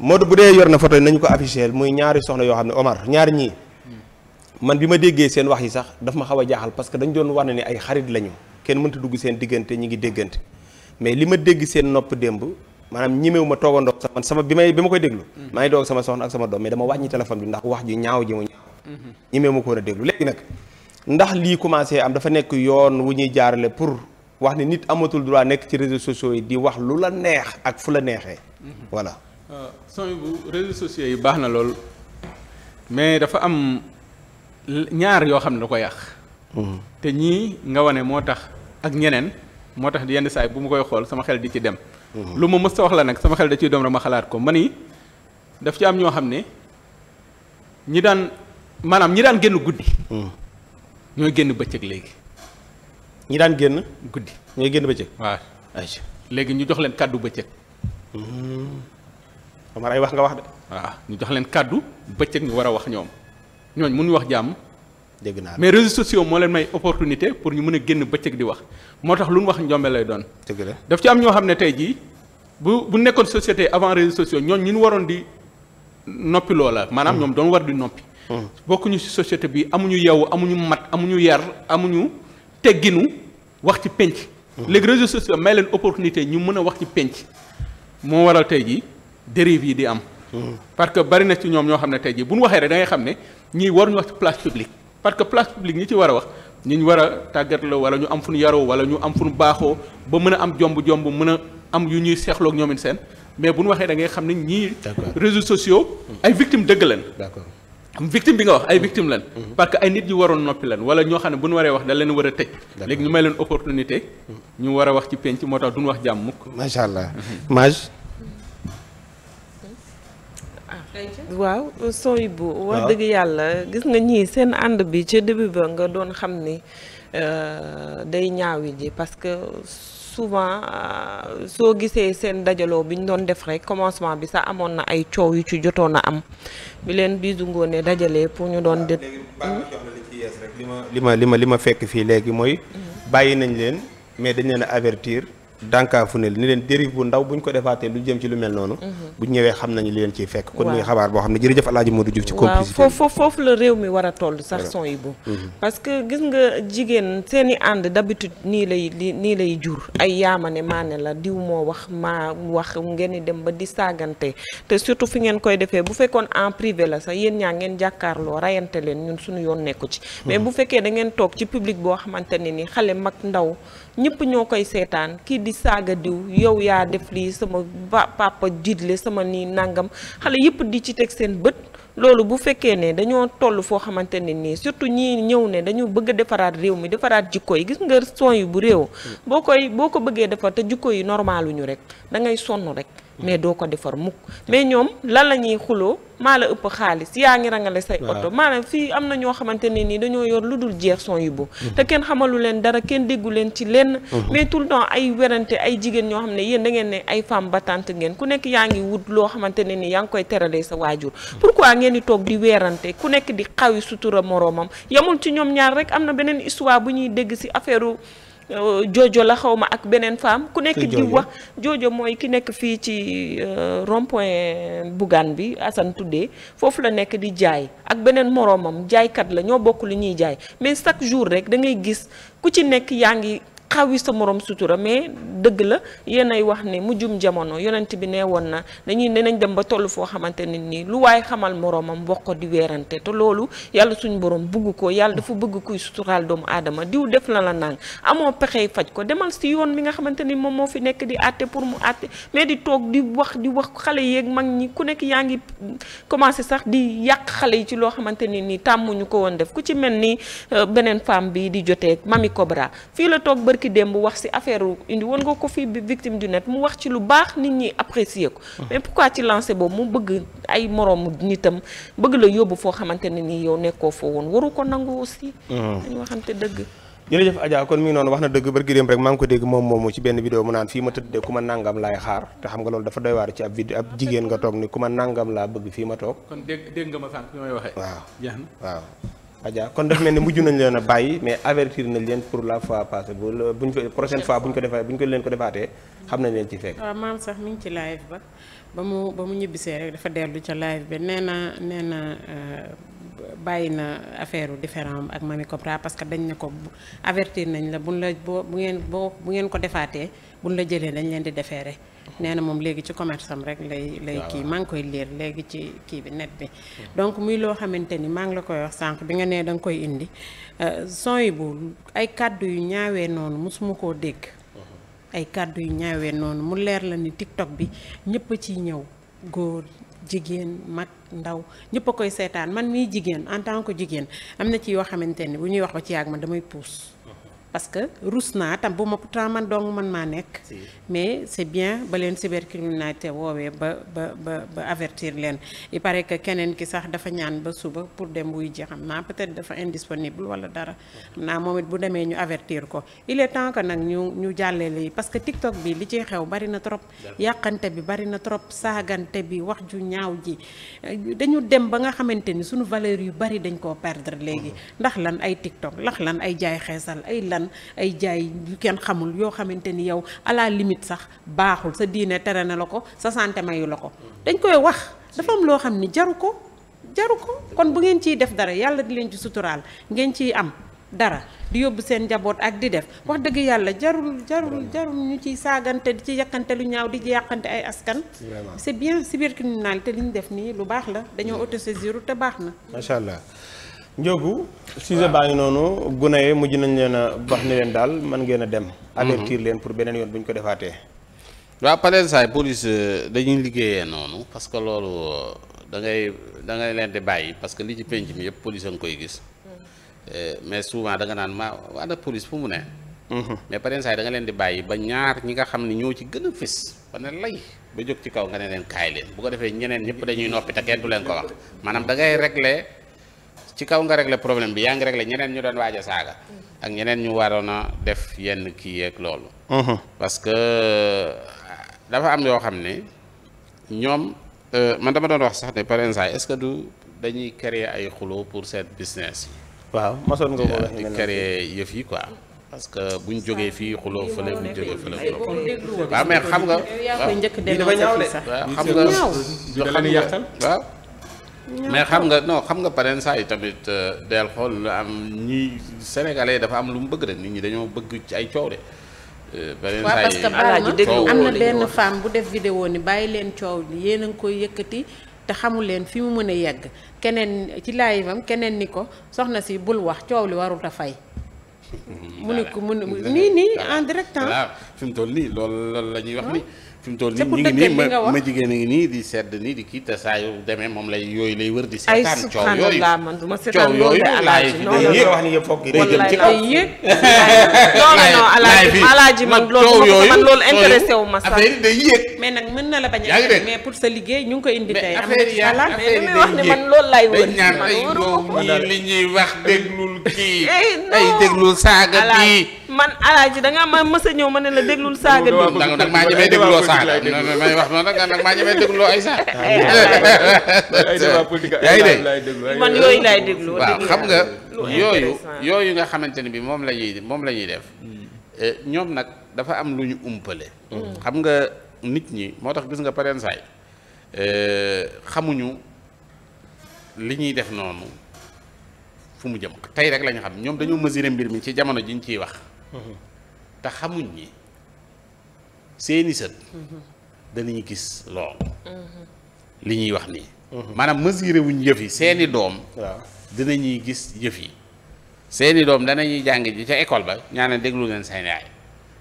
Modou bu dee yor na photo yi nañu ko affiché muy ñaari soxna yoo xam ne Omar ñaar ñii man bi ma déggee seen wax yi sax daf ma xaw a jaaxal parce que dañ doon war ne ni ay xarit lañu kenn mënta dugg seen diggante ñi ngi déggante mais li ma dégg seen nopp démb maanaam ñimewu ma toogandoo sax man sama bi may bi ma koy déglu mm. maa ngi doog sama soxna ak sama doom mais dama wàññi téléphone bi ndax wax ji ñaaw ji mu ñaaw mm-hmm. ñimewu ma ko déglu léegi nag ndax lii commencé am dafa nekk yoon wu ñuy jaarale pour wax ne nit amatul droit nekk ci réseaux sociaux yi di wax lu la neex ak fu la neexee mm-hmm. Euh, sony bu réseaux sociaux yi baax na lool mais dafa am ñaar yoo xam ne da ko yàq mm-hmm. te ñii nga wane moo tax ak ñeneen moo tax yenn saay bu ma koy xool sama xel di ci dem mm-hmm. lu ma mës ta wax la nag sama xel da ciy doom rek ma xalaat ko man ni daf ci am ñoo xam ne ñi daan maanaam ñi daan génn guddi mm-hmm. ñooy génn bëccëg léegi ñi daan génn guddi ñooy génn bëccëg waaw léegi ñu jox leen kàddu bëccëg Omar ay wax nga wax de. waaw ñu jox leen kàddu bëccëg ñu war a wax ñoom ñooñ mënuñu wax jàmm. dégg naa mais réseaux sociaux moo leen may opportunité pour ñu mën a génn bëccëg di wax moo tax lu ñu wax njombe lay doon. dëgg la daf ci am ñoo xam ne tey jii bu bu nekkoon société avant réseaux sociaux ñooñ ñu waroon di noppi loola. maanaam hmm. ñoom doon war di noppi. Hmm. bokkuñu ci société bi amuñu yow amuñu mat amuñu yar amuñu tegginu wax ci penc. Hmm. léegi réseaux sociaux may leen opportunité ñu mën a wax ci penc moo waral tey jii. dérive yi di am. parce que bari na ci ñoom ñoo xam ne tey jii bu ñu waxee rek da ngay xam ne ñii war ñu wax ci place publique parce que place publique ñi ci war a wax ñi ñu war a tàggat la wala ñu am fu ñu yaroo wala ñu am fu ñu baaxoo ba mën a am jomb-jomb mën a am yu ñuy seexloog ñoom seen mais bu ñu waxee da ngay xam ne ñii. réseaux sociaux. ay victimes dëgg lañ. d'accord victime bi nga wax ay victime lan mm-hmm. parce que ay nit yu waroon noppi lan wala ñoo xam ne bu waree wax da leen war a tëj léegi ñu may leen opportunité ñu war a wax ci penc moo tax duñu wax jàmm mukk macha allah mm-hmm. maj waaw sooy bu wax dëgg yàlla gis nga ñii seen ànd bi ca début ba nga doon xam ni euh, day ñaawi ji parce que souvent euh, soo gisee seen dajaloo bi ñu doon def rek commencement bi sax amoon na ay coow yu ci jotoon a am bi leen biisu ngoone dajalee pour ñu doon dé li ma li ma li ma fekk fii léegi mooy mm-hmm. bàyyi nañ leen mais dañ leen a avertir dànkaafu ne ni leen dérive bu ndaw buñ ko defaatee lu jëm ci lu mel noonu mhm. buñ ñëwee xam nañu leen ciy fekk kon muy xabaar boo xam ne jërëjëf Alaaji Modou Diouf foofu foofu mi war a toll sax son yi bu mhm. parce que gis nga jigéen seen i ànd d'habitude nii lay nii lay jur ay yaamane maane la diw moo wax maa wax ngeen di dem ba di saagante te surtout fi ngeen koy defee bu fekkoon en privé la sax yéen ñaa ngeen jàkkaarloo rayante leen ñun suñu yoon nekku ci mhm. mais bu fekkee da ngeen toog ci public boo xamante ne ni xale mag ndaw ñëpp ñoo koy seetaan kii di saaga diw yow yaa def lii sama papa jiitle sama nii nangam xale yëpp di ci teg seen bët loolu bu fekkee ne dañoo toll foo xamante ne nii surtout ñii ñëw ne dañu bëgg defaraat réew mi defaraat jikko yi gis nga son yu bu réew mm. boo koy boo ko bëggee defar te jikko yi normaluñu rek da ngay sonn rek mais doo ko defar mukk mais ñoom lan la ñuy xuloo maa la ëpp xaalis yaa ngi rangale say oto maanaam fii am na ñoo xamante ne nii dañoo yor lu dul jeex son yu bu mhm. te kenn xamalu leen dara kenn déggu leen ci lenn mhm. mais tout le temps ay werante ay jigéen ñoo xam ne yéen da ngeen ne ay femme batant ngeen ku nekk yaa ngi wut loo xamante ne nii yaa ngi koy teralee sa waajur pour mhm. pourquoi ngeen di toog di weerante ku nekk di xawi sutura moroomam yamul ci ñoom ñaar rek am na beneen histoire bu ñuy dégg si affaire Euh, joojo la xawma ak beneen femme ku nekk di wax joojo mooy ki nekk fii ci euh, rond-point Bougane bi Assane Tuddee foofu la nekk di jaay ak beneen moroomam jaaykat la ñoo bokk lu ñuy jaay mais chaque jour rek da gis ku ci nekk yaa ngi xawi sa moroom sutura mais dëgg la yéenay wax ne mujjum jamono yonent bi nee woon na dañuy dinañ dem ba toll foo xamante ne nii lu waaye xamal moroomam wax ko di weerante te loolu yàlla suñ boroom bugg ko yàlla dafa bëgg kuy suturaal doomu aadama diw def na la nang amoo pexey faj ko demal si yoon mi nga xamante ni moom moo fi nekk di àtte pour mu àtte mais di toog di wax di wax xale yeeg mag ñi ku nekk yaa ngi commencé sax di yàq xale yi ci loo xamante ni nii tàmmuñu ko woon def ku ci mel ni euh, beneen femme bi di jotee Mami Cobra confie victime du net mu wax ci lu baax nit ñi apprécier ko mais pourquoi ci lancé boobu mu bëgg ay moroomu nitam bëgg la yóbbu foo xamante ne nii yow nekkoo foo woon waru ko nangu aussi dañu waxante dëgg jërëjëf Adja kon mi ngi noonu wax na dëgg barki dem rek maa ngi ko dégg moom moomu ci benn vidéo mu naan fii ma tëddee ku ma nangam laay xaar te xam nga loolu dafa doy waar ci ab jigéen nga toog ni ku ma nangam laa bëgg fii ma toog dégg dégg nga ma sànq fi waxee waaw jeex na waaw Adja kon daf mel ne mujj nañ leen a bàyyi mais avertir nañ leen pour la fois passée bu buñ ko prochaine fois buñ ko defee buñ ko leen ko defaatee xam nañ leen ci fekk. waaw maam sax mi ci live ba ba mu ba mu ñibbisee rek dafa dellu ca live bi nee na euh, bàyyi na affaire différent ak Mamy Cobra parce que dañ na ko avertir nañ la buñ la boo bu ngeen boo bu ngeen ko defaatee buñ la jëlee dañ leen di defeere nee na moom léegi ci commerce am rek lay lay kii maa ngi koy liir léegi ci kii bi net bi donc muy loo xamante ni maa ngi la koy wax sànq bi nga nee danga koy indi euh, son yi bu ay kàddu yu ñaawee noonu mosuma koo dégg mhm. ay kàddu yu ñaawee noonu mu leer la ni TikTok bi ñëpp a ciy ñëw góor jigéen mag ndaw ñëpp a koy seetaan man mii jigéen en tant que jigéen am na ci yoo xamante ni bu ñuy wax ba ci yàgg ma damay puus parce que rus naa tam bu ma pourtant man dong man maa nekk. mais c' est bien ba leen cybercriminalité woowee ba ba ba ba avertir leen il paraît que keneen ki sax dafa ñaan ba suba pour dem wuy ji xam naa peut-être dafa indisponible wala dara. xam naa moom it bu demee ñu avertir ko il est temps que nag ñu ñu jàllee lii parce que TikTok bi li ciy xew bari na trop. yàqante bi bari na trop saagante bi wax ju ñaaw ji dañu dem ba nga xamante ni suñu valeur yu bari dañ koo perdre léegi mm-hmm. ndax ay jaay yu kenn xamul yoo xamante ni yow alaa la sax baaxul sa diine tere na la ko sa santé mayu la ko dañ koy wax dafa am loo xam ni jaru ko jaru ko kon bu ngeen ciy def dara yàlla di leen ci suturaal ngeen ciy am dara di yóbbu seen njaboot ak di def wax dëgg yàlla jarul jarul jarul ñu ciy saagante di ci yàqante lu ñaaw di ci yàqante ay askan c'est bien cybercriminalité li ñu def nii lu baax la dañoo mm. autosaisir te baax na macha allah Ndiogou sujet baa ngi noonu gune mujj nañ leen a wax leen daal man ngeen a dem. Mhm. avertir leen pour beneen yoon bu ñu ko defaatee. waaw pareen saa police euh, dañuy liggéeyee noonu parce que loolu euh, da ngay da ngay leen di bàyyi parce que li ci penc mi yëpp police a nga koy gis. Mhm. Euh, mais souvent da nga naan ma ana police fu mu ne. Mhm. mais pareen saa da nga leen di bàyyi ba ñaar ñi nga xam ni ñoo ci gën a fës ba ne lay. ba jóg ci kaw nga ne leen kaay leen bu ko defee ñeneen ñëpp dañuy noppi te leen ko wax ci kaw nga régler problème bi yaa ngi régler ñeneen ñu doon waaj a saaga ak ñeneen ñu waroon def yenn kii yeeg loolu mhm. parce dafa am yoo xam ne ñoom euh, man dama doon wax sax ne par exemple est-ce que du dañuy créer ay xuloo pour cette business yi waaw masoon nga ko euh, di créer yëf que buñ jógee fii xuloo fële buñ jógee fële xuloo nga waaw xam nga waaw mais xam nga no xam nga pareen saa yi tamit euh, del xool lu am ñi sénégalais dafa am lu mu bëgg rek nit ñi dañoo bëgg ci ay coow de. beneen euh, saa parce am na benn femme bu def vidéo ni bàyyi leen coow li yéen a ngi koy yëkkati te xamul leen fi mu mën a yegg keneen ci live am keneen ni ko soxna si bul wax coow li warut a fay. mu ni ko mu nii nii en direct. fi mu toll nii loolu loolu la ñuy wax ni fi mu toll nii ma ma a ngi nii di sedd nii di kii te saa yu demee moom lay yooyu lay wër di. seetaan coow yooyu coow yooyu laay fi day yéeg wax ni yëpp foog day jëm ci kaw non non alaaji man loolu intéressé wu ma sax mais nag mën na la bañ a mais pour sa liggéey ñu ngi koy indi tey am na ci xalaat mais damay wax ne man loolu laay wër ñaan ay doom li ñuy wax déglul kii ay déglul saaga kii man alaaji da nga ma a ñëw ma ne la déglul saaga bi nag maa ñemee dégluloo saaga may wax noonu nag maa ñemee dégluloo yooyu laay déglu waaw xam nga yooyu yooyu nga xamante ne bi moom la moom la ñuy def hmm. eh, ñoom nag dafa am lu ñu umpale hmm. xam nga nit ñi moo tax gis nga pareen saay euh, xamuñu li ñuy def noonu fu mu jëm tey rek lañu xam ñoom dañoo mesurer mbir mi ci jamono ji ñu ciy wax mm-hmm. te xamuñ ñi seeni sët mm-hmm. danañu gis loolu mm-hmm. li ñuy wax nii maanaam mesurer wuñ yëf yi seeni doom dinañuy gis yëf yi seeni doom danañuy jàng ji ca école ba ñaa ne déglu leen seen yaay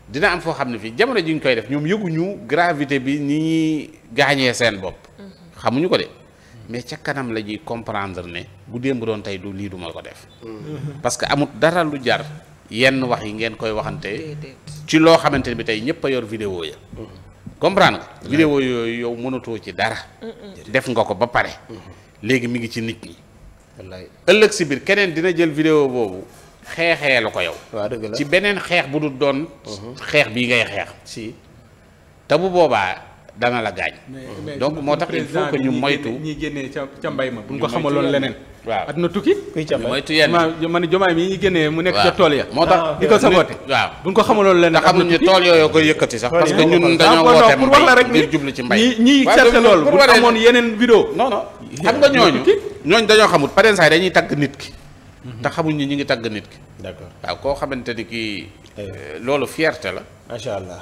dina am foo xam ne fii jamono ji ñu koy def ñoom yëguñu gravité bi ni ñuy gaañee seen bopp. Mm-hmm. xamuñu ko de mais ca kanam la ñuy comprendre ne bu démb doon tey du lii duma ko def. Mm-hmm. parce que amut dara lu jar yenn wax yi ngeen koy waxante. ci loo xamante ne bi tey ñëpp a yor vidéo ya mm-hmm. comprendre nga. vidéo yooyu yow mënatoo ci dara. def nga ko ba pare. léegi mi ngi ci nit ñi. ëllëg si biir keneen dina jël vidéo boobu. xeexee la ko yow. waaw dëgg la ci beneen xeex bu du doon. xeex bii ngay xeex. si te bu boobaa dana la gaañ. donc moo tax il faut que ñu moytu ñi génnee ca ca mbay ma. buñ ko xamaloon leneen. waaw at na tukki. kuy ca mbay moytu yenn ma ne jomaay mi ñuy génnee mu nekk ca tool ya. moo tax ah, di ko saboté. waaw buñ ko xamaloon leneen. at na tukki te xam tool yooyu koy yëkkati sax. parce ah, que ñun dañoo ah, woote mbay ngir jublu ci mbay. waaw ñi lool seet loolu bu yeneen vidéo. non non nga ñooñu ñooñu dañoo xamut pareen saa dañuy tagg nit ki Mhm. te xamuñ ni ñu ngi tagg nit ki. d'accord waaw koo xamante ni kii. Euh, loolu fierté la. macha allah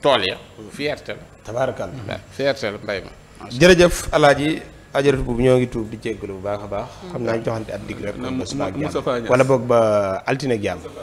tool ya. fierte la. tabaarakalla mhm. fierté la mbay ma. jërëjëf alaaji ajaratu boobu ñoo ngi tuub di jéggalu bu baax a baax. Mhm. xam naa ñu joxante at digg rek. wala boog ba altine ak